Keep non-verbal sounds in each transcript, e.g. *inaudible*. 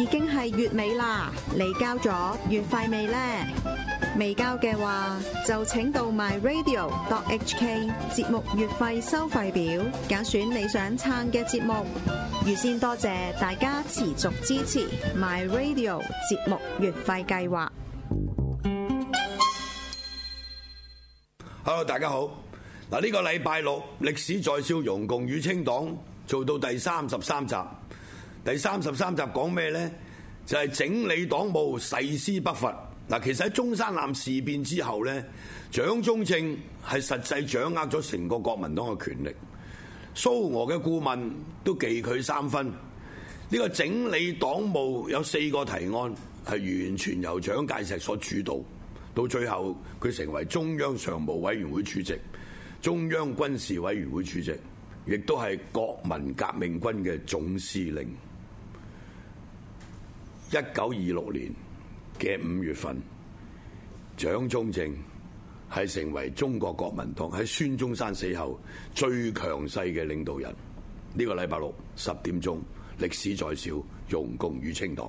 已經係月尾啦，你交咗月費未呢？未交嘅話，就請到 myradio.hk 節目月費收費表，揀選你想撐嘅節目。預先多謝大家持續支持 myradio 節目月費計劃。Hello，大家好。嗱，呢個禮拜六，歷史在笑容共與清黨做到第三十三集。第三十三集講咩呢？就係、是、整理黨務，誓師北伐。嗱，其實喺中山艦事變之後呢，蔣中正係實際掌握咗成個國民黨嘅權力。蘇俄嘅顧問都忌佢三分。呢、這個整理黨務有四個提案，係完全由蔣介石所主導。到最後，佢成為中央常務委員會主席、中央軍事委員會主席，亦都係國民革命軍嘅總司令。一九二六年嘅五月份，蔣中正係成為中國國民黨喺孫中山死後最強勢嘅領導人。呢個禮拜六，十點鐘，歷史在笑，容共與清黨。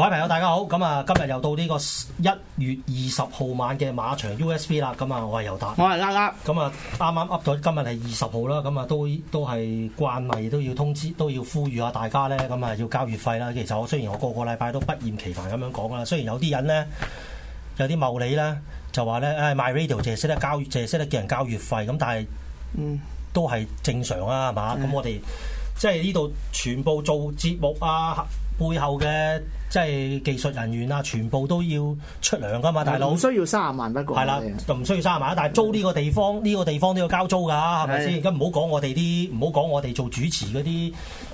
各位朋友，大家好！咁啊，今日又到呢個一月二十號晚嘅馬場 USB 啦。咁啊，我係尤達，我係 LakLak。咁啊，啱啱 up 咗，今日係二十號啦。咁啊，都都係慣例，都要通知，都要呼籲下大家咧。咁啊，要交月費啦。其實我雖然我個個禮拜都不厭其煩咁樣講啦。雖然有啲人咧，有啲茂利啦，就話咧，哎 my radio 淨係識得咧交淨係識得咧叫人交月費咁，但係，嗯，都係正常啊，係嘛。咁我哋即係呢度全部做節目啊。背後嘅即係技術人員啊，全部都要出糧噶嘛，大佬。唔、嗯、需要三十萬一個的不過。係啦，就唔需要三十萬，但係租呢個地方，呢是的 個地方都要交租噶，係咪先？而家唔好講我哋啲，唔好講我哋做主持嗰啲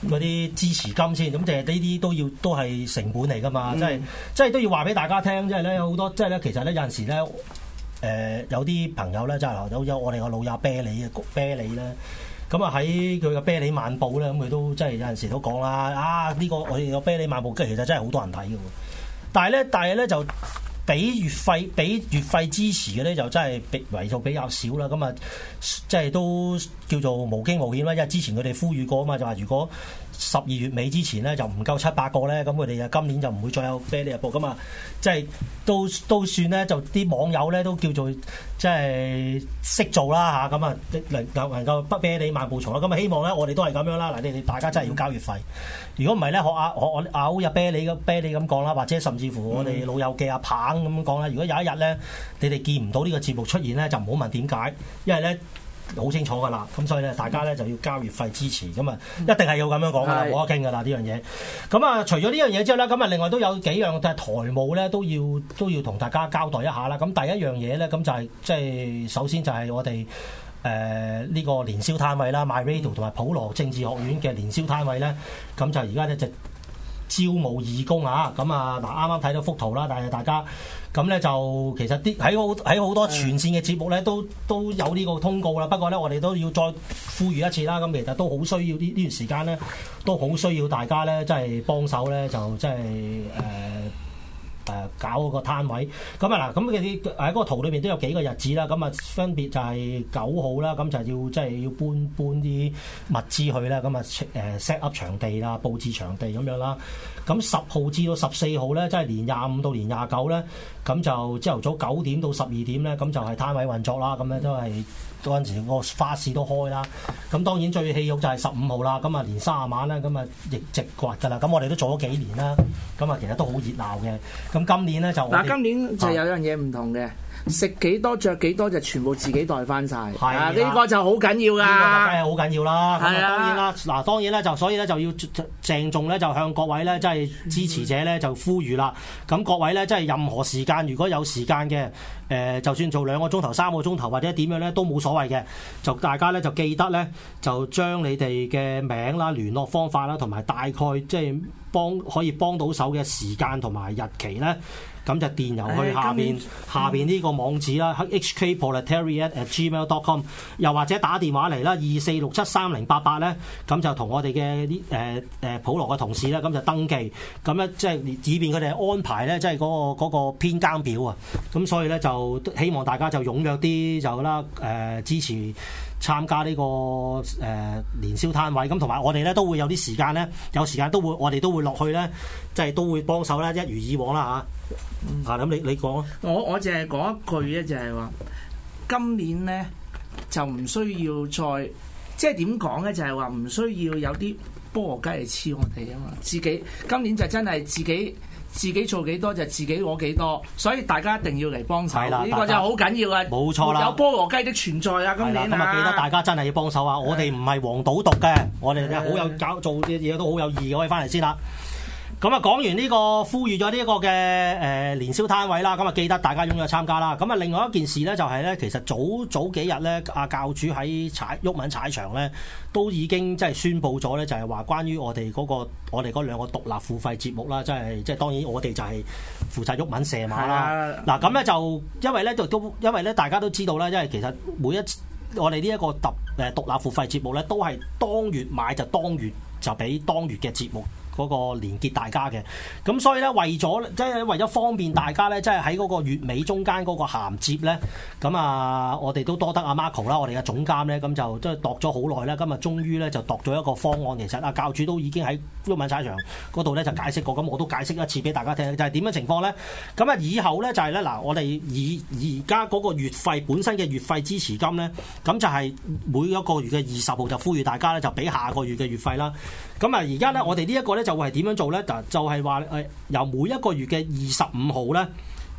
啲支持金先，咁就係呢啲都要都係成本嚟噶嘛，即係即係都要話俾大家聽，即係咧有好多，即係咧其實咧有陣時咧，誒、呃、有啲朋友咧就係有有我哋個老友啤梨，嘅啤梨啦。咁啊喺佢嘅啤梨漫步咧，咁、嗯、佢都真係有陣時都講啦，啊呢、呢個我哋個啤梨漫步即係其實真係好多人睇嘅喎，但係咧，但係咧就俾月費俾月費支持嘅咧，就真係比為數比較少啦。咁、嗯、啊，即係都叫做無驚無險啦，因為之前佢哋呼籲過啊嘛，就話如果。十二月尾之前咧就唔夠七八個咧，咁佢哋啊今年就唔會再有啤梨日報噶嘛，即係都都算咧，就啲網友咧都叫做即係識做啦嚇，咁啊能能夠不啤梨萬步重啦，咁啊希望咧我哋都係咁樣啦，嗱你哋大家真係要交月費，如果唔係咧學阿學阿阿烏入啤梨啤梨咁講啦，或者甚至乎我哋老友記阿棒咁講啦，如果有一日咧你哋見唔到呢個節目出現咧，就唔好問點解，因為咧。好清楚噶啦，咁所以咧，大家咧就要交月費支持，咁啊，一定係要咁樣講噶啦，冇得傾噶啦呢樣嘢。咁啊，除咗呢樣嘢之後咧，咁啊，另外都有幾樣嘅台務咧，都要都要同大家交代一下啦。咁第一樣嘢咧，咁就係、是、即係首先就係我哋誒呢個年宵攤位啦，MyRadio 同埋普羅政治學院嘅年宵攤位咧，咁就而家咧就，招募義工啊！咁啊嗱，啱啱睇到幅圖啦，但係大家咁咧就其實啲喺好喺好多全線嘅節目咧都都有呢個通告啦。不過咧，我哋都要再呼籲一次啦。咁、啊、其實都好需要呢呢段時間咧，都好需要大家咧，即係幫手咧，就即係誒。呃誒搞嗰個攤位，咁啊嗱，咁佢啲喺嗰個圖裏邊都有幾個日子啦，咁啊分別就係九號啦，咁就係要即係要搬搬啲物資去啦，咁啊誒 set up 場地啦，佈置場地咁樣啦，咁十號至到十四號咧，即係年廿五到年廿九咧，咁就朝頭早九點到十二點咧，咁就係攤位運作啦，咁咧都係。嗰陣時個花市都開啦，咁當然最戲肉就係十五號啦，咁啊連卅晚啦，咁啊亦直掘噶啦，咁我哋都做咗幾年啦，咁啊其實都好熱鬧嘅，咁今年咧就嗱、啊、今年就有樣嘢唔同嘅。食幾多着幾多就全部自己袋返晒，嗱，係啊，呢個就好緊要㗎，呢個梗係好緊要啦。係啊，當然啦，嗱當然咧就所以咧就要鄭重咧就向各位咧即係支持者咧就呼籲啦。咁各位咧即係任何時間如果有時間嘅，誒、呃、就算做兩個鐘頭三個鐘頭或者點樣咧都冇所謂嘅，就大家咧就記得咧就將你哋嘅名啦、聯絡方法啦同埋大概即係幫可以幫到手嘅時間同埋日期咧。咁就電郵去下邊著下邊呢個網址啦，嗯，h k proletariat at gmail dot com，又或者打電話嚟啦，二四六七三零八八咧，咁就同我哋嘅啲誒誒普羅嘅同事咧，咁就登記，咁咧即係以便佢哋安排咧，即係嗰個編、那個編更表啊，咁所以咧就希望大家就踴躍啲就啦誒、呃、支持。參加呢個誒年宵攤位，咁同埋我哋咧都會有啲時間咧，有時間都會我哋都會落去咧，即係都會幫手啦，一如以往啦吓，啊，咁你你講啊？我我淨係講一句咧，就係話今年咧就唔需要再即係點講咧，就係話唔需要有啲菠蘿雞嚟黐我哋啊嘛，自己今年就真係自己。自己做幾多就自己攞幾多，所以大家一定要嚟幫手，呢了個就好緊要啊！冇錯啦，有菠蘿雞的存在啊！今年咁啊記得大家真係要幫手啊！我哋唔係黃賭毒嘅，我哋好有搞的做啲嘢都好有意義，可以翻嚟先啦。咁啊，講完呢、呢個呼籲咗呢個嘅誒年宵攤位啦，咁、嗯、啊，記得大家踴躍參加啦。咁啊，另外一件事咧，就係、係、咧，其實早早幾日咧，阿教主喺踩毓民踩場咧，都已經即係宣布咗咧，就係話關於我哋嗰、嗰個我哋嗰兩個獨立付費節目啦，即係即係當然我哋就係負責毓民射馬啦。嗱的，咁咧、啊、就因為咧就都因為咧大家都知道啦，因為其實每一次我哋呢一個獨誒獨立付費節目咧，都係當月買就當月就俾當月嘅節目。嗰個連結大家嘅，咁所以咧，為咗即係為咗方便大家咧，即係喺嗰個月尾中間嗰個銜接咧，咁啊，我哋都多得阿、啊、Marco 啦，我哋嘅總監咧，咁就即係度咗好耐啦，今日終於咧就度咗一個方案。其實阿教主都已經喺毓民踩場嗰度咧就解釋過，咁我都解釋一次俾大家聽，就係、是、點樣情況咧。咁啊、就是，以後咧就係咧嗱，我哋以而家嗰個月費本身嘅月費支持金咧，咁就係每一個月嘅二十號就呼籲大家咧就俾下個月嘅月費啦。咁啊，而家咧我哋呢、就是個就是個就是、一個咧。就會係點樣做呢？就就係話誒，由每一個月嘅二十五號呢，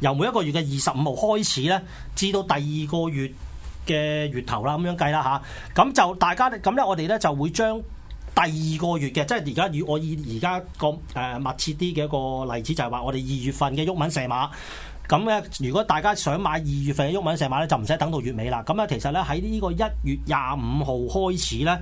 由每一個月嘅二十五號開始呢，至到第二個月嘅月頭啦，咁樣計啦吓，咁就大家呢，咁呢，我哋呢就會將第二個月嘅，即係而家以我以而家個誒、呃、密切啲嘅一個例子，就係話我哋二月份嘅鬱文射馬。咁呢，如果大家想買二月份嘅鬱文射馬呢，就唔使等到月尾啦。咁啊，其實呢，喺呢個一月廿五號開始呢。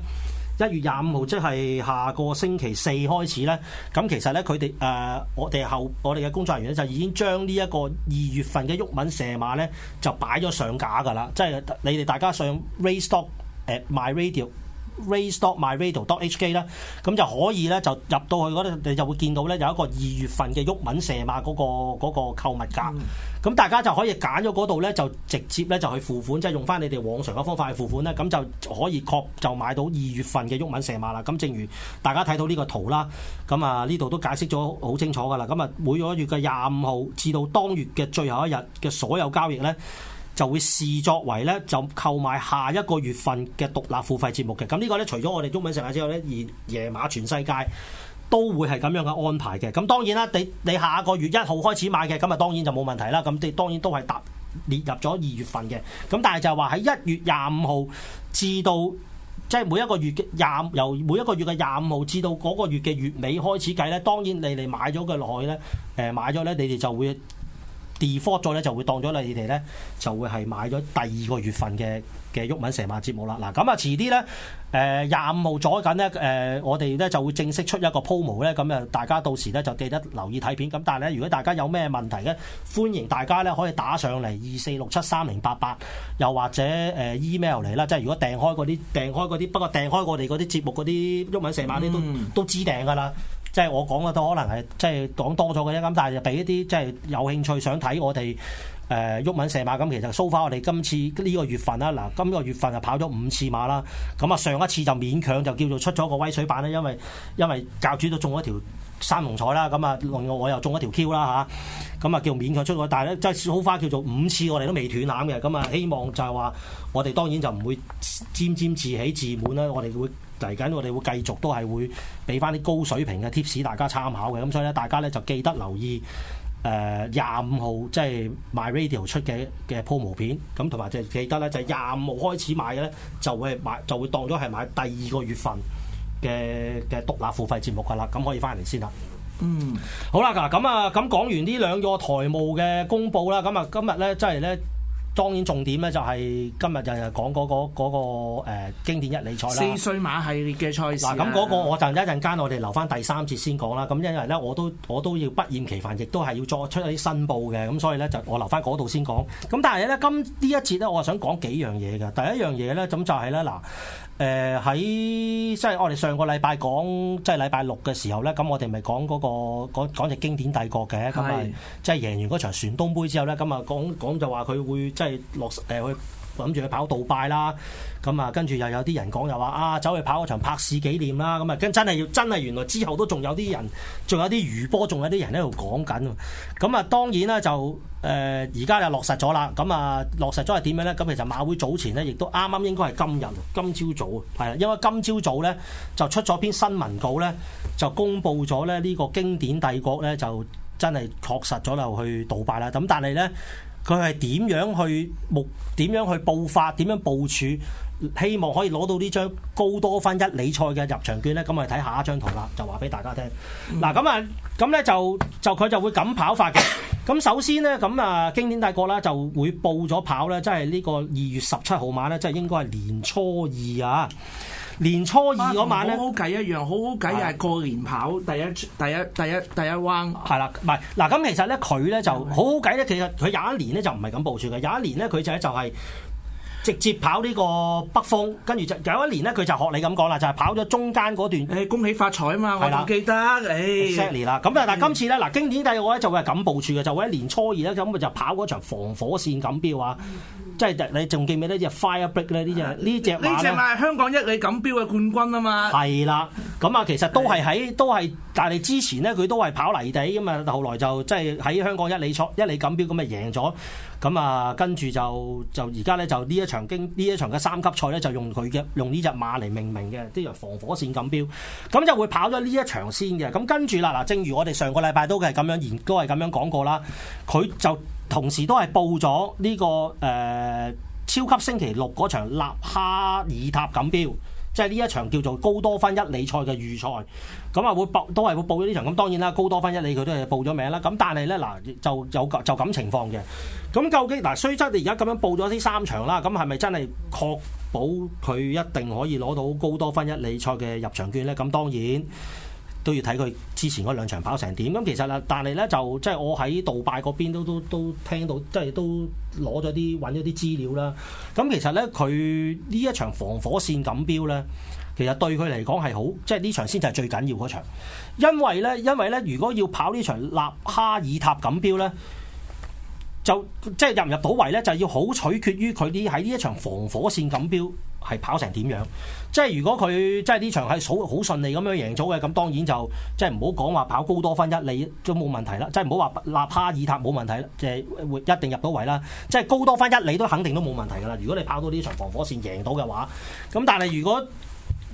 一月廿五號即係下個星期四開始咧，咁其實咧佢哋誒我哋後我哋嘅工作人員咧就已經將呢一個二月份嘅鬱文射馬咧就擺咗上架㗎啦，即係你哋大家上 Raystock 誒買 radio。Raystot myradio.hk 啦，咁就可以咧就入到去嗰度，你就會見到咧有一個二月份嘅鬱文射馬嗰個嗰個購物價，咁大家就可以揀咗嗰度咧就直接咧就去付款，即係用翻你哋往常嘅方法去付款咧，咁就可以確就買到二月份嘅鬱文射馬啦。咁正如大家睇到呢個圖啦，咁啊呢度都解釋咗好清楚噶啦。咁啊每一個月嘅廿五號至到當月嘅最後一日嘅所有交易咧。就會視作為咧，就購買下一個月份嘅獨立付費節目嘅。咁呢個咧，除咗我哋中文世界之外咧，而野馬全世界都會係咁樣嘅安排嘅。咁當然啦，你你下個月一號開始買嘅，咁啊當然就冇問題啦。咁你當然都係搭列入咗二月份嘅。咁但係就係話喺一月廿五號至到即係、就係、每一個月嘅廿由每一個月嘅廿五號至到嗰個月嘅月尾開始計咧，當然你哋買咗嘅內咧，誒買咗咧，你哋就會。default 咗咧就會當咗你哋咧就會係買咗第二個月份嘅嘅鬱文蛇馬節目啦。嗱咁啊遲啲咧誒廿五號左近咧誒我哋咧就會正式出一個 promo 咧，咁啊大家到時咧就記得留意睇片。咁但係咧如果大家有咩問題咧，歡迎大家咧可以打上嚟二四六七三零八八，又或者誒、呃、email 嚟啦。即係如果訂開嗰啲訂開嗰啲，不過訂開我哋嗰啲節目嗰啲鬱文蛇馬啲都、嗯、都知訂㗎啦。即係我講嘅都可能係即係講多咗嘅啫，咁但係就俾一啲即係有興趣想睇我哋誒鬱文射馬咁，其實 so far 我哋今次呢個月份啊，嗱，今個月份就跑咗五次馬啦。咁啊，上一次就勉強就叫做出咗個威水版啦，因為因為教主都中咗條三龍彩啦，咁啊，我我又中一條 Q 啦、啊、吓，咁啊叫勉強出個，但係咧即係 so far 叫做五次，我哋都未斷纜嘅，咁啊希望就係話我哋當然就唔會沾沾自喜自滿啦，我哋會。嚟緊，我哋會繼續都係會俾翻啲高水平嘅 tips，大家參考嘅。咁所以咧，大家咧就記得留意誒廿五號，即係 MyRadio 出嘅嘅 promo 片。咁同埋就記得咧，就係廿五號開始買嘅咧，就會買就會當咗係買第二個月份嘅嘅獨立付費節目噶啦。咁可以翻嚟先啦。嗯，好啦，嗱咁啊，咁講完呢兩個台務嘅公佈啦，咁啊今日咧真係咧。當然重點咧就係今日就係講嗰個嗰個誒經典一哩賽啦。四歲馬系列嘅賽事。嗱咁嗰個我就一陣間，我哋留翻第三節先講啦。咁因為咧，我都我都要不厭其煩，亦都係要作出一啲申報嘅。咁所以咧，就我留翻嗰度先講。咁但係咧，今呢一節咧，我想講幾樣嘢㗎。第一樣嘢咧、就是，咁就係咧嗱，誒喺即係我哋上個禮拜講，即係禮拜六嘅時候咧，咁我哋咪講嗰個講講隻經典帝國嘅咁啊，即係贏完嗰場船東杯之後咧，咁啊講講就話佢會落實誒去諗住去跑杜拜啦，咁啊跟住又有啲人講又話啊，走去跑嗰場拍市紀念啦，咁啊跟真係要真係原來之後都仲有啲人，仲有啲餘波，仲有啲人喺度講緊，咁啊當然啦就誒而家又落實咗啦，咁啊落實咗係點樣咧？咁其實馬會早前咧亦都啱啱應該係今日，今朝早係啦，因為今朝早咧就出咗篇新聞稿咧，就公布咗咧呢個經典帝國咧就真係確實咗就去杜拜啦，咁但係咧。佢係點樣去，目點樣去報發，點樣部署，希望可以攞到呢張高多芬一哩賽嘅入場券呢？咁我哋睇下一張圖啦，就話俾大家聽。嗱咁啊，咁咧就就佢就會咁跑法嘅。咁首先呢，咁啊經典帝國啦就會報咗跑咧，即係呢個二月十七號晚咧，即係應該係年初二啊。年初二嗰晚咧，好好計一樣，好好計又係的過年跑第一、第一、第一、第一彎，係啦，唔係嗱咁，其實咧佢咧就的好好計咧，其實佢有一年咧就唔係咁部署嘅，有一年咧佢就就係直接跑呢個北風，跟住就有一年咧佢就學、是、你咁講啦，就係、是、跑咗中間嗰段、欸，恭喜發財啊嘛，我記得，你 s e t y e 啦，咁啊、哎 exactly，但係、嗯、今次咧嗱經典帝國咧就會係咁部署嘅，就會喺年初二咧咁佢就跑嗰場防火線咁，比如即係你仲記唔記得隻 fire break 呢，隻 Firebreak 咧？呢隻呢隻馬呢隻馬係香港一哩錦標嘅冠軍啊嘛！係啦，咁啊其實都係喺都係，但係之前咧佢都係跑泥地咁啊，後來就即係喺香港一哩賽一哩錦標咁啊贏咗，咁、嗯、啊跟住就就而家咧就呢一場經呢一場嘅三級賽咧就用佢嘅用呢隻馬嚟命名嘅，即係防火線錦標，咁就會跑咗呢一場先嘅。咁跟住啦，嗱正如我哋上個禮拜都係咁樣言，都係咁樣講過啦，佢就。同時都係報咗呢個誒、呃、超級星期六嗰場納哈爾塔錦標，即係呢一場叫做高多芬一哩賽嘅預賽，咁啊會報都係會報咗呢場。咁當然啦，高多芬一哩佢都係報咗名啦。咁但係咧嗱就有就咁情況嘅。咁究竟嗱雖則，你而家咁樣報咗呢三場啦，咁係咪真係確保佢一定可以攞到高多芬一哩賽嘅入場券咧？咁當然。都要睇佢之前嗰兩場跑成點。咁其實啦，但係咧就即係我喺杜拜嗰邊都都都聽到，即係都攞咗啲搵咗啲資料啦。咁其實咧，佢呢一場防火線錦標咧，其實對佢嚟講係好，即係呢場先就係最緊要嗰場，因為咧，因為咧，如果要跑呢場納哈爾塔錦標咧。就即係入唔入到位咧，就係要好取決於佢啲喺呢一場防火線錦標係跑成點樣。即係如果佢即係呢場係好好順利咁樣贏咗嘅，咁當然就即係唔好講話跑高多芬一哩都冇問題啦。即係唔好話立帕爾塔冇問題，即係一定入到位啦。即係高多芬一哩都肯定都冇問題㗎啦。如果你跑到呢一場防火線贏到嘅話，咁但係如果。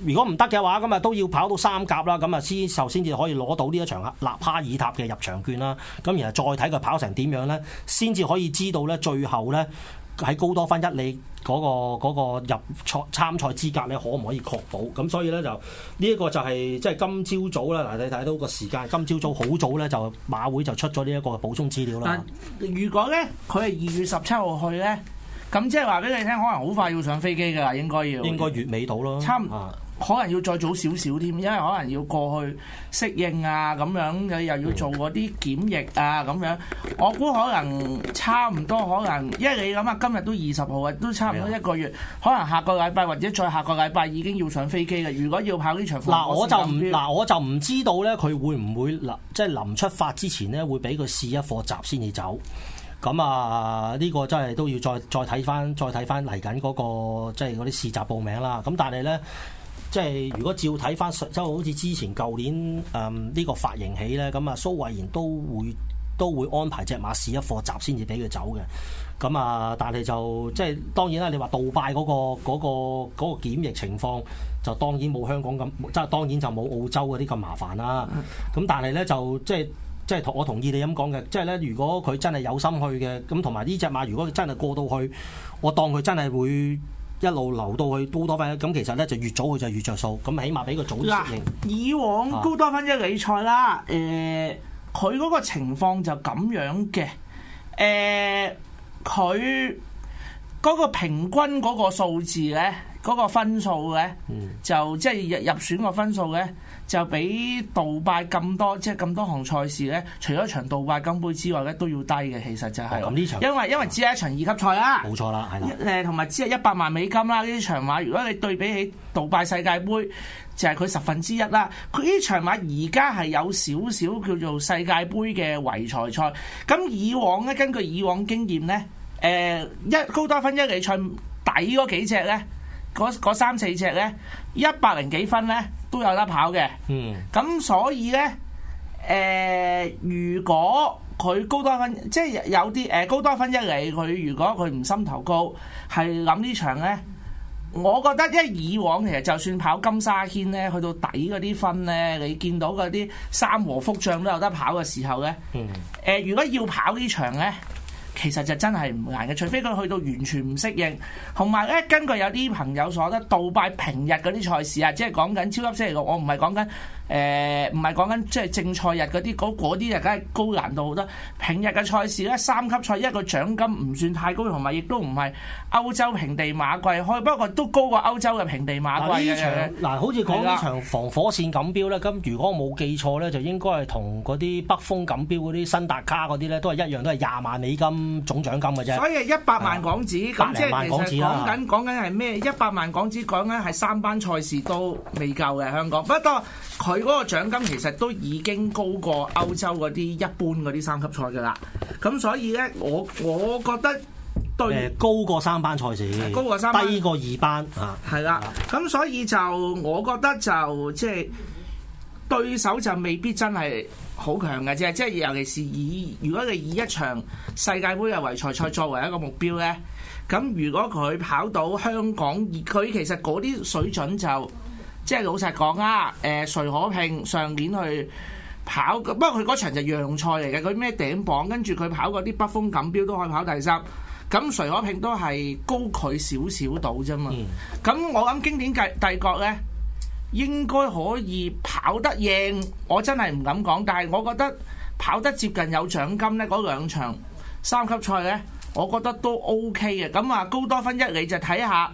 如果唔得嘅話，咁啊都要跑到三甲啦，咁啊先後先至可以攞到呢一場納哈爾塔嘅入場券啦。咁然後再睇佢跑成點樣咧，先至可以知道咧最後咧喺高多芬一哩、嗰個，你、嗰、嗰個入賽參賽資格咧可唔可以確保？咁所以咧就呢一個就係即係今朝早啦。嗱，你睇到個時間，今朝早好早咧就馬會就出咗呢一個補充資料啦。但係如果咧佢係二月十七號去咧，咁即係話俾你聽，可能好快要上飛機噶啦，應該要應該月尾到咯，差唔多不。可能要再早少少添，因為可能要過去適應啊，咁樣你又要做嗰啲檢疫啊，咁樣我估可能差唔多，可能因為你諗下今日都二十號啊，都差唔多一個月，可能下個禮拜或者再下個禮拜已經要上飛機啦。如果要跑呢場，嗱喏我就唔嗱我就唔知道咧，佢會唔會即係臨出發之前咧會俾佢試一課閘先至走。咁啊，呢個真係都要再再睇翻，再睇翻嚟緊嗰個即係嗰啲試閘報名啦。咁但係咧。即係如果照睇翻，即係好似之前舊年誒呢、嗯這個發型起咧，咁、嗯、啊蘇慧賢都會都會安排隻馬試一課閘先至俾佢走嘅。咁、嗯、啊，但係就即係當然啦。你話杜拜嗰、嗰個嗰、嗰個嗰個檢疫情況，就當然冇香港咁，即係當然就冇澳洲嗰啲咁麻煩啦。咁、嗯嗯、但係咧就即係即係我同意你咁講嘅。即係咧，如果佢真係有心去嘅，咁同埋呢隻馬如果真係過到去，我當佢真係會。一路流到去高多芬，咁其實咧就越早佢就越着數，咁起碼俾個早啲以往高多芬一哩賽啦，誒、呃，佢嗰個情況就咁樣嘅，誒、呃，佢嗰個平均嗰個數字咧，嗰、那個分數咧，嗯、就即係入選個分數咧。就比杜拜咁多，即係咁多項賽事咧，除咗一場杜拜金杯之外咧，都要低嘅。其實就係，哦嗯、因為、嗯、因為只係一場二級賽啦。冇錯啦，係啦。誒，同埋只係一百萬美金啦。呢場馬，如果你對比起杜拜世界盃，就係、是、佢十分之一啦。佢呢場馬而家係有少少叫做世界盃嘅圍才賽。咁以往咧，根據以往經驗咧，誒、呃、一高多芬一哩賽底嗰幾隻咧，嗰三四隻咧，一百零幾分咧。都有得跑嘅，咁所以咧，誒，如果佢高多芬，即係有啲誒高多芬一哩，佢如果佢唔心頭高，係諗呢場咧，我覺得因為以往其實就算跑金沙軒咧，去到底嗰啲分咧，你見到嗰啲三和福將都有得跑嘅時候咧，誒，如果要跑呢場咧。其實就真係唔難嘅，除非佢去到完全唔適應，同埋咧根據有啲朋友所得，杜拜平日嗰啲賽事啊，即係講緊超級星期六，我唔係講緊。誒唔係講緊即係正賽日嗰啲，嗰啲又梗係高難度好多。平日嘅賽事咧，三級賽一個獎金唔算太高，同埋亦都唔係歐洲平地馬季開，不過都高過歐洲嘅平地馬季嘅。嗱好似講呢場防火線錦標咧，咁的如果我冇記錯咧，就應該係同嗰啲北風錦標嗰啲新達卡嗰啲咧，都係一樣，都係廿萬美金總獎金嘅啫。所以一百萬港紙，的即百零萬港紙啊！講緊講緊係咩？一百萬港紙講緊係三班賽事都未夠嘅香港，不過佢。嗰個獎金其實都已經高過歐洲嗰啲一般嗰啲三級賽嘅啦，咁所以呢，我我覺得對高過三班賽事，高過三班，低過二班啊，係啦、啊。咁、啊、所以就我覺得就即係、就是、對手就未必真係好強嘅，啫。即係尤其是以如果你以一場世界杯嘅圍才賽作為一個目標呢，咁如果佢跑到香港，佢其實嗰啲水準就～即係老實講啊，誒、呃，徐可慶上年去跑，不過佢嗰場就讓賽嚟嘅，佢咩頂榜，跟住佢跑嗰啲北風錦標都可以跑第三，咁徐可慶都係高佢少少到啫嘛。咁我諗經典帝帝國呢應該可以跑得贏，我真係唔敢講，但係我覺得跑得接近有獎金呢嗰兩場三級賽呢，我覺得都 O K 嘅。咁啊，高多芬一你就睇下。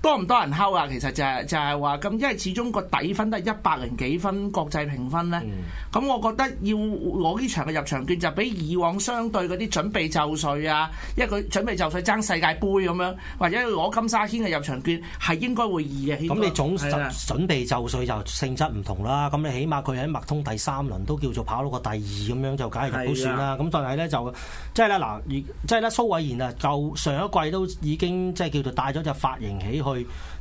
多唔多人睺啊？其實就係就係話咁，因為始終個底分都係一百零幾分國際評分咧。咁、嗯嗯、我覺得要攞呢場嘅入場券，就比以往相對嗰啲準備就緒啊，因為佢準備就緒爭世界盃咁樣，或者攞金沙軒嘅入場券係應該會易嘅。咁你總準準備就緒就，就性質唔同啦。咁你的起碼佢喺麥通第三輪都叫做跑到個第二咁樣的，就梗係入到算啦。咁但係咧就即係咧嗱，即係咧蘇偉賢啊，就上一季都已經即係叫做帶咗隻髮型起去。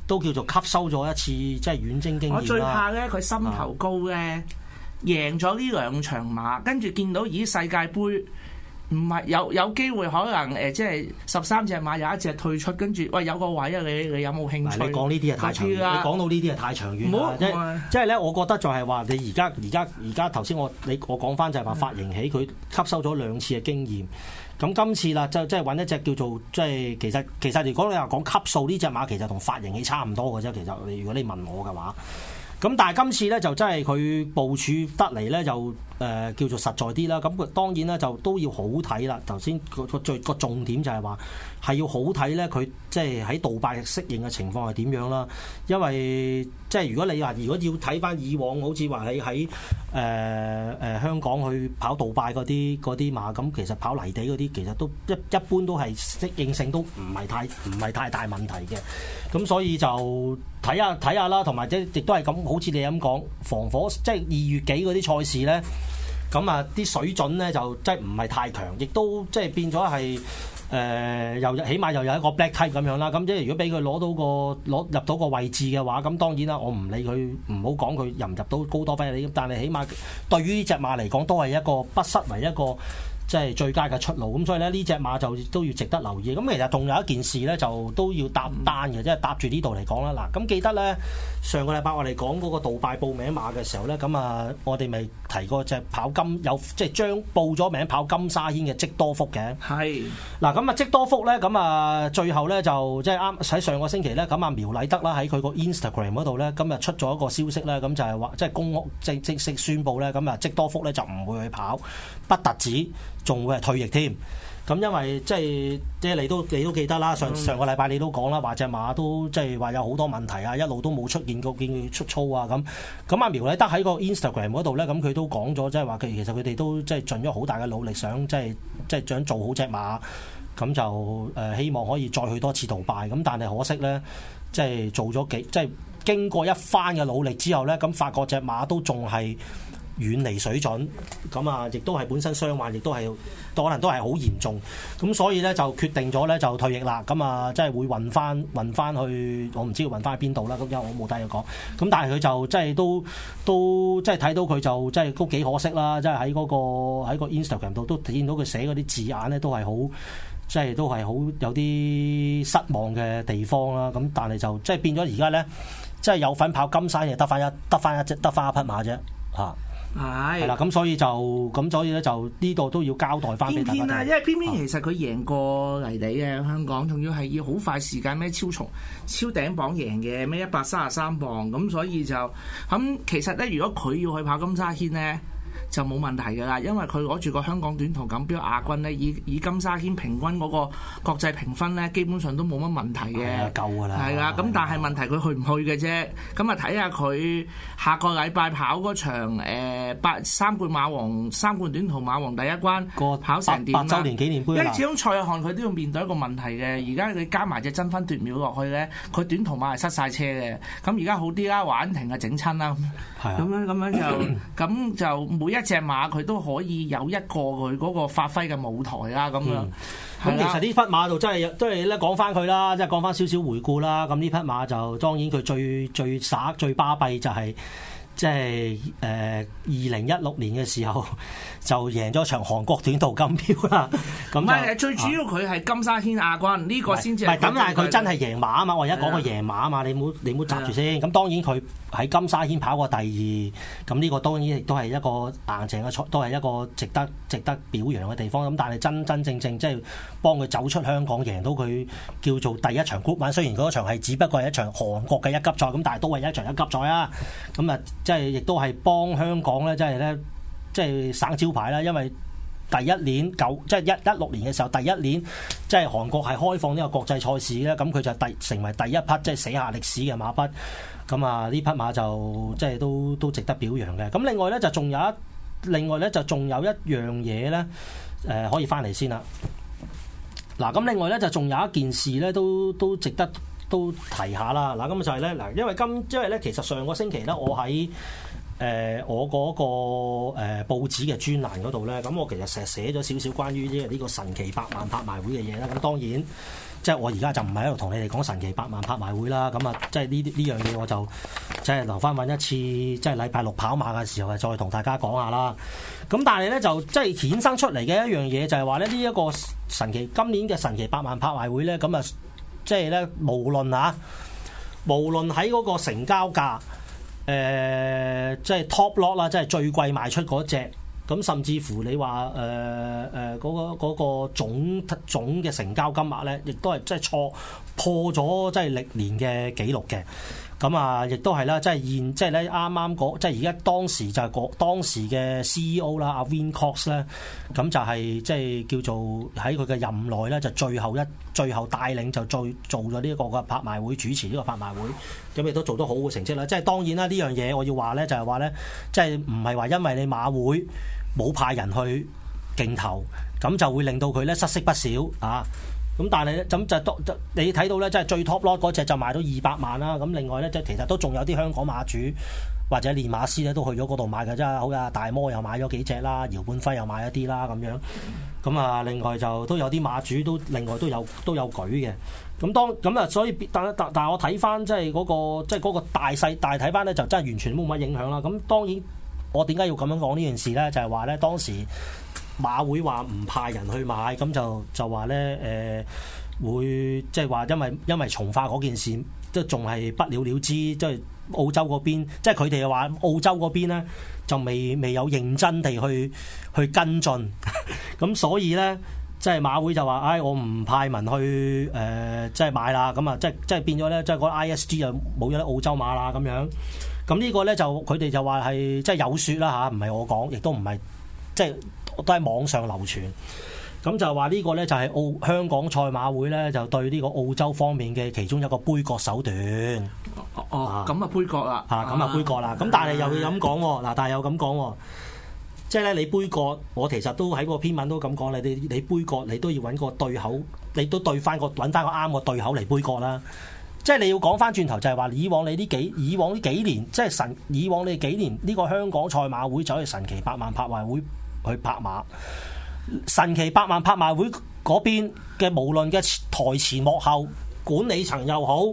都叫做吸收咗一次即係遠征經驗啦。我最怕咧，佢心頭高咧，贏咗呢兩場馬，跟住見到咦世界盃。唔係有有機會可能誒、呃，即係十三隻馬有一隻退出，跟住喂有個位啊，你你有冇興趣？嗱，你講呢啲啊太長，你講到呢啲啊太長遠啦。即即係咧，我覺得就係話你而家而家而家頭先我你我講返就係話發型起佢吸收咗兩次嘅經驗，咁、嗯、今次啦就即係揾一隻叫做即係其實、其實、其實其實如果你話講級數呢隻馬其實同發型起差唔多嘅啫，其實你如果你問我嘅話，咁但係今次咧就真係佢部署得嚟咧就。誒、呃、叫做實在啲啦，咁當然啦，就都要好睇啦。頭先個最個重點就係話係要好睇咧，佢即係喺杜拜適應嘅情況係點樣啦。因為即係如果你話如果要睇翻以往，好似話你喺誒誒香港去跑杜拜嗰啲嗰啲馬，咁其實跑泥地嗰啲其實都一一般都係適應性都唔係太唔係太大問題嘅。咁所以就睇下睇下啦，同埋即係亦都係咁，好似你咁講防火，即係二月幾嗰啲賽事咧。咁啊，啲水準咧就即係唔係太強，亦都即係變咗係誒，又起碼又有一個 Black Type 咁樣啦。咁即係如果俾佢攞到個攞入到個位置嘅話，咁當然啦，我唔理佢，唔好講佢入唔入到高多芬啊！但係起碼對於呢隻馬嚟講，都係一個不失為一個。即係最佳嘅出路，咁所以咧呢隻馬就都要值得留意。咁其實仲有一件事咧，就都要搭單嘅，即係搭住呢度嚟講啦。嗱、啊，咁記得咧上個禮拜我哋講嗰個杜拜報名馬嘅時候咧，咁啊我哋咪提過隻跑金有即係將報咗名跑金沙灘嘅積多福嘅。係是。嗱咁啊積多福咧咁啊最後咧就即係啱喺上個星期咧，咁啊苗禮德啦喺佢個 Instagram 嗰度咧，咁啊，出咗一個消息咧，咁就係、是、話即係公屋正正式宣佈咧，咁啊積多福咧就唔會去跑，不特止。仲會係退役添，咁因為即係即係你都你都記得啦，上上個禮拜你都講啦，話隻馬都即係話有好多問題啊，一路都冇出現過見佢出操啊咁。咁阿苗禮德喺個 Instagram 嗰度咧，咁佢都講咗，即係話佢其實佢哋都即係盡咗好大嘅努力，想即係即係想做好隻馬，咁就誒、呃、希望可以再去多次杜拜。咁但係可惜咧，即係做咗幾即係經過一番嘅努力之後咧，咁發覺隻馬都仲係，遠離水準，咁啊，亦都係本身傷患，亦都係可能都係好嚴重，咁所以咧就決定咗咧就退役啦，咁啊，即係會運翻運翻去，我唔知要運翻去邊度啦，咁因為我冇帶佢講，咁但係佢就即係都都即係睇到佢就即係都幾可惜啦，即係喺嗰個喺個 Instagram 度都見到佢寫嗰啲字眼咧，就是、都係好即係都係好有啲失望嘅地方啦，咁但係就即係變咗而家咧，即係有份跑金山就得翻一得翻一隻得翻一匹馬啫，嚇！係係啦，咁 *music* 所以就咁，所以咧就呢度都要交代翻俾大家睇。邊邊啊、因為偏偏其實佢贏過嚟尼嘅香港，仲、啊、要係要好快時間咩超重超頂磅贏嘅咩一百三十三磅咁，所以就咁其實咧，如果佢要去跑金莎軒咧。就冇問題㗎啦，因為佢攞住個香港短途錦標亞軍咧，以以金沙軒平均嗰個國際評分咧，基本上都冇乜問題嘅， *music* 夠㗎啦。係啊，咁但係問題佢去唔去嘅啫，咁啊睇下佢下個禮拜跑嗰場八三冠馬王三冠短途馬王第一關個跑成點啦？週年紀念杯，因為始終蔡約翰佢都要面對一個問題嘅，而家佢加埋隻爭分奪秒落去咧，佢短途馬係塞晒車嘅，咁而家好啲啦，玩停啊整親啦，咁 *laughs* 樣咁樣就咁就每一。一隻馬佢都可以有一個佢嗰個發揮嘅舞台啦，咁樣。咁、嗯、是的 其實呢匹，匹馬就真係都係咧講翻佢啦，即係講翻少少回顧啦。咁呢匹馬就當然佢最最耍最巴閉就係即係誒二零一六年嘅時候。 *laughs* 就贏咗場韓國短途金標啦。唔 *laughs* 就最主要佢係金沙軒亞軍。呢、啊、個先至。唔係但係佢真係贏馬啊嘛！的我而家講佢贏馬啊嘛！你唔好你唔好擸住先。咁的當然佢喺金沙軒跑過第二，咁呢個當然亦都係一個硬淨嘅賽，都係一個值得值得表揚嘅地方。咁但係真真正正即係幫佢走出香港，贏到佢叫做第一場谷 o o 馬。雖然嗰場係只不過係一場韓國嘅一級賽，咁但係都係一場一級賽啊！咁啊，即係亦都係幫香港咧，即係咧。即係省招牌啦，因為第一年九即係一一六年嘅時候，第一年即係韓國係開放呢個國際賽事咧，咁佢就第成為第一匹即係寫下歷史嘅馬匹，咁啊呢匹馬就即係都都值得表揚嘅。咁另外咧就仲有一另外咧就仲有一樣嘢咧，誒，可以翻嚟先啦。嗱，咁另外咧就仲有一件事咧、呃，都都值得都提下啦。嗱，咁就係咧嗱，因為今因為咧其實上個星期咧，我喺誒、呃，我嗰、那個誒、呃、報紙嘅專欄嗰度咧，咁我其實成日寫咗少少關於呢個神奇百萬拍賣會嘅嘢啦。咁當然，即係我而家就唔係喺度同你哋講神奇百萬拍賣會啦。咁啊，即係呢呢樣嘢我就即係留翻搵一次，即係禮拜六跑馬嘅時候啊，再同大家講下啦。咁但係咧就即係衍生出嚟嘅一樣嘢就係話咧，呢、這、一個神奇今年嘅神奇百萬拍賣會咧，咁啊，即係咧無論啊，無論喺嗰個成交價。誒、嗯，即係 top lot 啦，即係最貴賣出嗰隻。咁甚至乎你話誒誒嗰個嗰、嗰個總總嘅成交金額咧，亦都係即係錯破咗即係歷年嘅紀錄嘅。咁啊，亦都係啦，即係現即係咧啱啱嗰即係而家當時就係、是、嗰當時嘅 C E O 啦、啊，阿 Vin Cox 咧，咁就係即係叫做喺佢嘅任內咧，就最後一最後帶領就再做咗呢個嘅拍賣會主持呢個拍賣會，咁亦都做得好嘅成績啦。即係當然啦，呢樣嘢我要話咧，就係話咧，即係唔係話因為你馬會。冇派人去競投，咁就會令到佢咧失色不少啊！咁但係咧，咁就當你睇到咧，即係最 top lot 嗰隻就買到二百萬啦。咁、啊、另外咧，即係其實都仲有啲香港馬主或者練馬師咧，都去咗嗰度買㗎啫。好噶，大魔又買咗幾隻啦，姚本輝又買一啲啦咁樣。咁啊，另外就都有啲馬主都另外都有都有舉嘅。咁、啊、當咁啊，所以但但但係我睇翻即係嗰、嗰個即係嗰個大細大睇翻咧，就真係完全冇乜影響啦。咁、啊、當然。我點解要咁樣講呢件事咧？就係話咧，當時馬會話唔派人去買，咁就就話咧，誒、呃、會即係話，因為因為從化嗰件事都仲係不了了之，即係澳洲嗰邊，即係佢哋話澳洲嗰邊咧就未未有認真地去去跟進，咁 *laughs* 所以咧即係馬會就話：唉，我唔派民去誒即係買啦，咁啊，即即係變咗咧，即係嗰 ISG 就冇咗澳洲馬啦咁樣。咁呢個呢，就佢哋就話係即係有説啦吓，唔係我講，亦都唔係即係都喺網上流傳。咁就話呢個呢，就係澳香港賽馬會呢，就對呢個澳洲方面嘅其中一個杯葛手段。哦哦，咁、哦、啊杯葛啦。嚇、啊，咁啊杯葛啦。咁 *laughs* 但係又要咁講喎，嗱，但係又咁講喎。即係呢，你杯葛，我其實都喺個篇文都咁講，你你杯葛，你都要揾個對口，你都對翻個揾翻個啱個對口嚟杯葛啦。即係你要講翻轉頭，就係話以往你呢幾以往呢幾年，即係神以往你哋幾年呢個香港賽馬會走去神奇百萬拍賣會去拍馬，神奇百萬拍賣會嗰邊嘅無論嘅台前幕後管理層又好。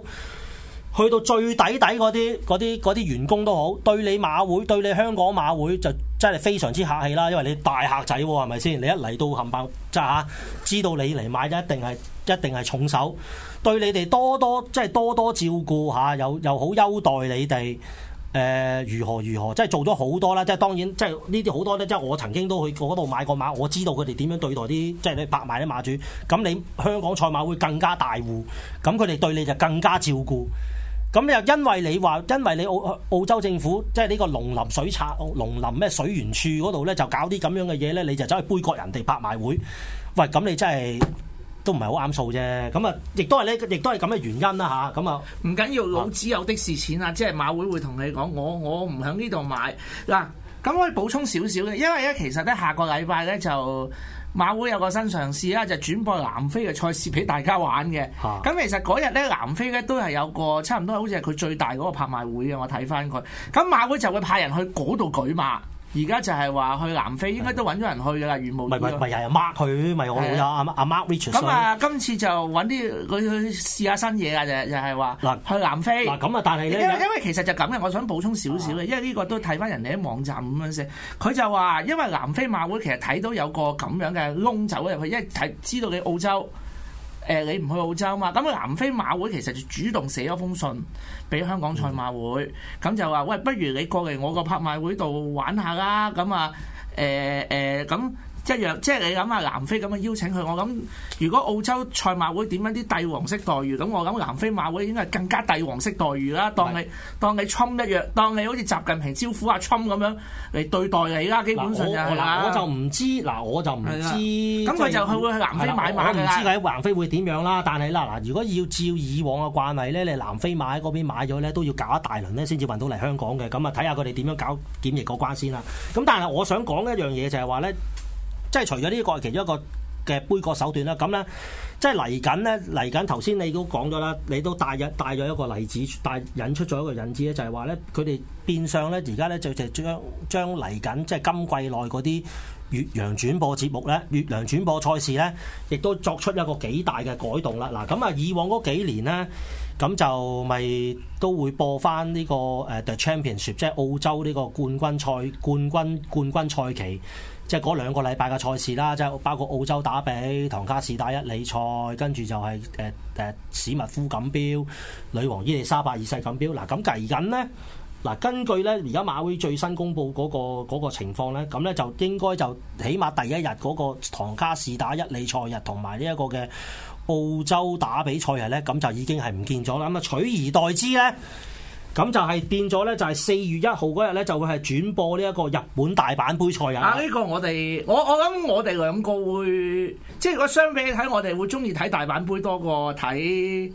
去到最底底嗰啲嗰啲嗰啲員工都好，對你馬會對你香港馬會就真係非常之客氣啦，因為你大客仔喎，係咪先？你一嚟到冚唪唥即係吓知道你嚟買一定係一定係重手，對你哋多多即係多多照顧吓，又又好優待你哋。誒、呃、如何如何，即係做咗好多啦，即係當然即係呢啲好多咧，即係我曾經都去過嗰度買過馬，我知道佢哋點樣對待啲即係你拍賣啲馬主，咁你香港賽馬會更加大戶，咁佢哋對你就更加照顧。咁又因為你話，因為你澳澳洲政府即係呢個農林水產農林咩水源處嗰度咧，就搞啲咁樣嘅嘢咧，你就走去杯葛人哋拍賣會。喂，咁你真係都唔係好啱數啫。咁啊，亦都係呢，亦都係咁嘅原因啦吓，咁啊，唔緊要，老子有的是錢啊！即係馬會會同你講，我我唔響呢度買嗱。咁可以補充少少嘅，因為咧其實咧下個禮拜咧就。馬會有個新嘗試啦，就轉播南非嘅賽事俾大家玩嘅。咁、啊、其實嗰日咧，南非咧都係有個差唔多好似係佢最大嗰個拍賣會嘅，我睇翻佢。咁馬會就會派人去嗰度舉馬。而家就係話去南非應該都揾咗人去噶啦，羽毛。唔係唔係，Mark 佢，咪我有阿阿 mark research 咁啊，今次就揾啲佢去試下新嘢、就係、啊！就就係話去南非。咁啊，啊，但係呢因為，因為其實就咁嘅，我想補充少少嘅，因為呢個都睇翻人哋啲網站咁樣先。佢就話，因為南非馬會其實睇到有個咁樣嘅窿走咗入去，因為睇知道你澳洲。誒、呃、你唔去澳洲啊嘛，咁南非馬會其實就主動寫咗封信俾香港賽馬會，咁、嗯、就話喂，不如你過嚟我個拍賣會度玩下啦，咁啊誒誒咁。呃呃即係，即係你諗下南非咁樣邀請佢，我諗如果澳洲賽馬會點樣啲帝王式待遇，咁我諗南非馬會應該更加帝王式待遇啦。當你是當你 Chum 一樣，當你好似習近平招呼阿 Chum 咁樣嚟對待你啦。基本上、就是、我就唔知嗱，我就唔知咁佢就去的、就是、會去南非買馬，唔知佢喺南非會點樣啦。但係啦嗱，如果要照以往嘅慣例咧，你南非馬喺嗰邊買咗咧，都要搞一大輪咧，先至運到嚟香港嘅。咁啊，睇下佢哋點樣搞檢疫嗰關先啦。咁但係我想講一樣嘢就係話咧。即係除咗呢個係其中一個嘅杯葛手段啦，咁咧即係嚟緊咧嚟緊。頭先你都講咗啦，你都帶引帶咗一個例子，帶引出咗一個引子咧，就係話咧佢哋變相咧而家咧就就將將嚟緊即係今季內嗰啲越洋轉播節目咧、越洋轉播賽事咧，亦都作出一個幾大嘅改動啦。嗱，咁啊以往嗰幾年咧，咁就咪都會播翻呢個誒 The Championship，即係澳洲呢個冠軍賽冠軍冠軍賽期。即係嗰兩個禮拜嘅賽事啦，即係包括澳洲打比、唐卡士打一哩賽，跟住就係誒誒史密夫錦標、女王伊利莎白二世錦標。嗱，咁而家而家咧，嗱、啊、根據咧而家馬會最新公布嗰個嗰個情況咧，咁咧就應該就起碼第一日嗰個唐卡士打一哩賽日同埋呢一個嘅澳洲打比賽日咧，咁就已經係唔見咗啦。咁啊取而代之咧。咁就係變咗咧，就係四月一號嗰日咧，就會係轉播呢一個日本大阪杯賽啊！啊，呢個我哋，我我諗我哋兩個會，即係如果相比睇，我哋會中意睇大阪杯多過睇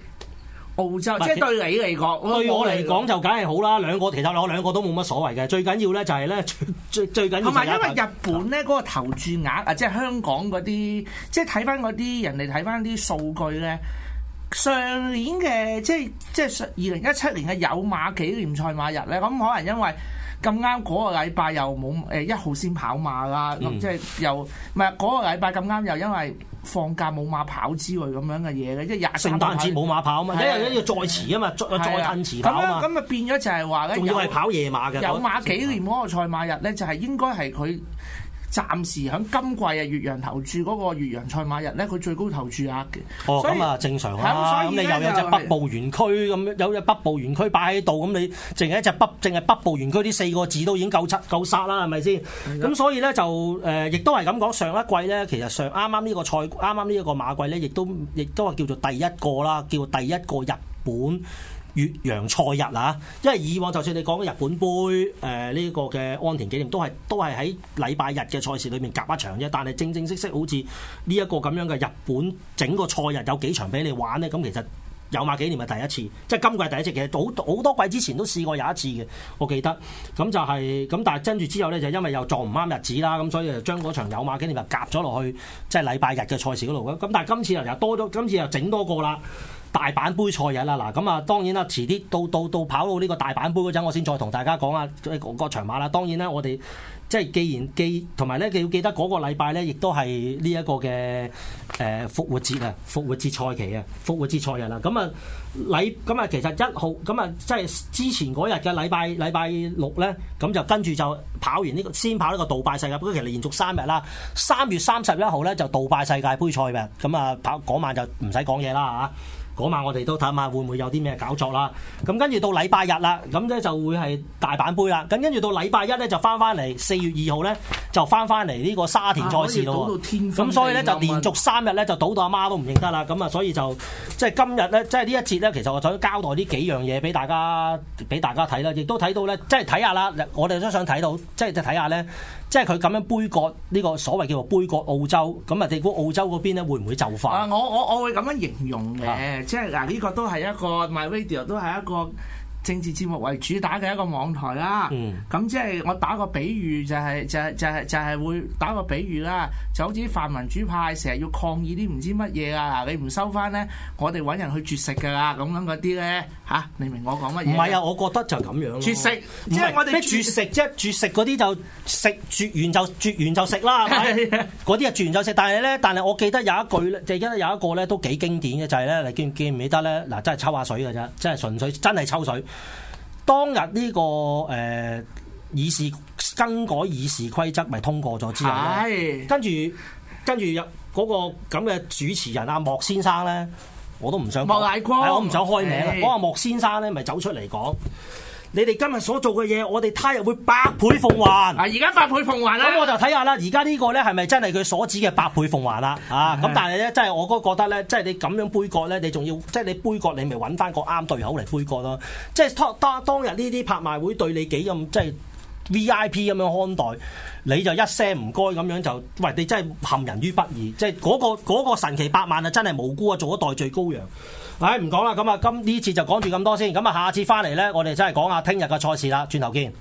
澳洲，是即係對你嚟講，是我對我嚟講就梗係好啦。兩個其實我兩個都冇乜所謂嘅，最緊要咧就係咧最最最緊要。同埋有 *laughs* 因為日本咧嗰個投注額啊， *laughs* 即係香港嗰啲，即係睇翻嗰啲人哋睇翻啲數據咧。上年嘅即係即係二零一七年嘅有馬紀念賽馬日咧，咁可能因為咁啱嗰個禮拜又冇誒一號先跑馬啦，咁、嗯、即係又唔係嗰個禮拜咁啱，又因為放假冇馬跑之類咁樣嘅嘢嘅，即係廿三日聖誕節冇馬跑啊嘛，咁又要再遲啊嘛，再、啊、再延遲跑咁樣咁咪變咗就係話咧，仲要係跑夜馬嘅有馬紀念嗰個賽馬日咧，就係、是、應該係佢。暫時喺今季啊，越洋投注嗰個越洋賽馬日咧，佢最高投注額嘅。哦，咁啊以正常啦。咁你又有隻北部園區咁是的 有隻北部園區擺喺度，咁是的 你淨係一隻北，淨係北部園區呢四個字都已經夠七夠殺啦，係咪先？咁是的 所以咧就誒，亦都係咁講。上一季咧，其實上啱啱呢個賽啱啱呢一個馬季咧，亦都亦都係叫做第一個啦，叫第一個日本。越洋賽日啊，因為以往就算你講嘅日本杯，誒、呃、呢、這個嘅安田紀念都係都係喺禮拜日嘅賽事裏面夾一場啫，但係正正式式好似呢一個咁樣嘅日本整個賽日有幾場俾你玩呢？咁、嗯、其實。有馬紀念係第一次，即係今季第一隻，其實好好多季之前都試過有一次嘅，我記得。咁就係、是、咁，但係跟住之後咧，就因為又撞唔啱日子啦，咁所以就將嗰場有馬紀念就夾咗落去，即係禮拜日嘅賽事嗰度。咁但係今次又多咗，今次又整多個啦，大阪杯賽日啦。嗱，咁啊當然啦，遲啲到到到跑到呢個大阪杯嗰陣，我先再同大家講下嗰個場馬啦。當然啦，我哋。即係既然記同埋咧，記要記得嗰個禮拜咧，亦都係呢一個嘅誒復活節啊，復活節賽期啊，復活節賽日啦。咁啊禮咁啊，其實一號咁啊，即係之前嗰日嘅禮拜禮拜六咧，咁就跟住就跑完呢個先跑呢個杜拜世界杯，其實連續三日啦。三月三十一號咧就杜拜世界盃賽嘅，咁啊跑嗰晚就唔使講嘢啦嚇，嗰晚我哋都睇下會唔會有啲咩搞作啦，咁跟住到禮拜日啦，咁咧就會係大阪杯啦，咁跟住到禮拜一咧就翻翻嚟四月二號咧就翻翻嚟呢個沙田賽事咯喎，咁、啊、所以咧就連續三日咧就賭到阿媽，媽都唔認得啦，咁啊所以就即係今日咧，即係呢一節咧，其實我想交代呢幾樣嘢俾大家俾大家睇啦，亦都睇到咧，即係睇下啦，我哋都想睇到，即係睇下咧。即係佢咁樣杯葛呢個所謂叫做杯葛澳洲，咁啊你估澳洲嗰邊咧會唔會就範？啊，我我我會咁樣形容嘅，啊、即係嗱呢個都係一個 MyRadio 都係一個。政治節目為主打嘅一個網台啦，咁即係我打個比喻就係就係就係就係會打個比喻啦，就好似泛民主派成日要抗議啲唔知乜嘢啊，嗱你唔收翻咧，我哋揾人去絕食噶啦，咁樣嗰啲咧嚇，你明我講乜嘢？唔係啊，我覺得就咁樣。絕食，即係我哋咩絕食啫？絕食嗰啲就食絕完就絕完就食啦，係咪？嗰啲啊絕完就食，但係咧，但係我記得有一句，就因為有一個咧都幾經典嘅，就係咧，你記記唔記得咧？嗱，真係抽下水㗎啫，真係純粹真係抽水。當日呢、這個誒、呃、議事更改議事規則，咪通過咗之後咧是的，跟住跟住嗰個咁嘅主持人阿、啊、莫先生咧，我都唔想，我唔想開名啊，嗰是的 莫先生咧，咪走出嚟講。你哋今日所做嘅嘢，我哋他日會百倍奉還。啊，而家百倍奉還啦！咁我就睇下啦，而家呢個咧係咪真係佢所指嘅百倍奉還啦？啊，咁但係咧，真係我都覺得咧，即係你咁樣杯葛咧，你仲要即係你杯葛，你咪揾翻個啱對口嚟杯葛咯。即係當當日呢啲拍賣會對你幾咁即係 VIP 咁樣看待，你就一聲唔該咁樣就，喂，你真係陷人於不義。即係嗰、嗰個、嗰個神奇百萬啊，真係無辜啊，做咗代罪羔羊。唉，唔講啦，咁啊咁呢次就講住咁多先，咁啊下次翻嚟咧，我哋真係講下聽日嘅賽事啦，轉頭見。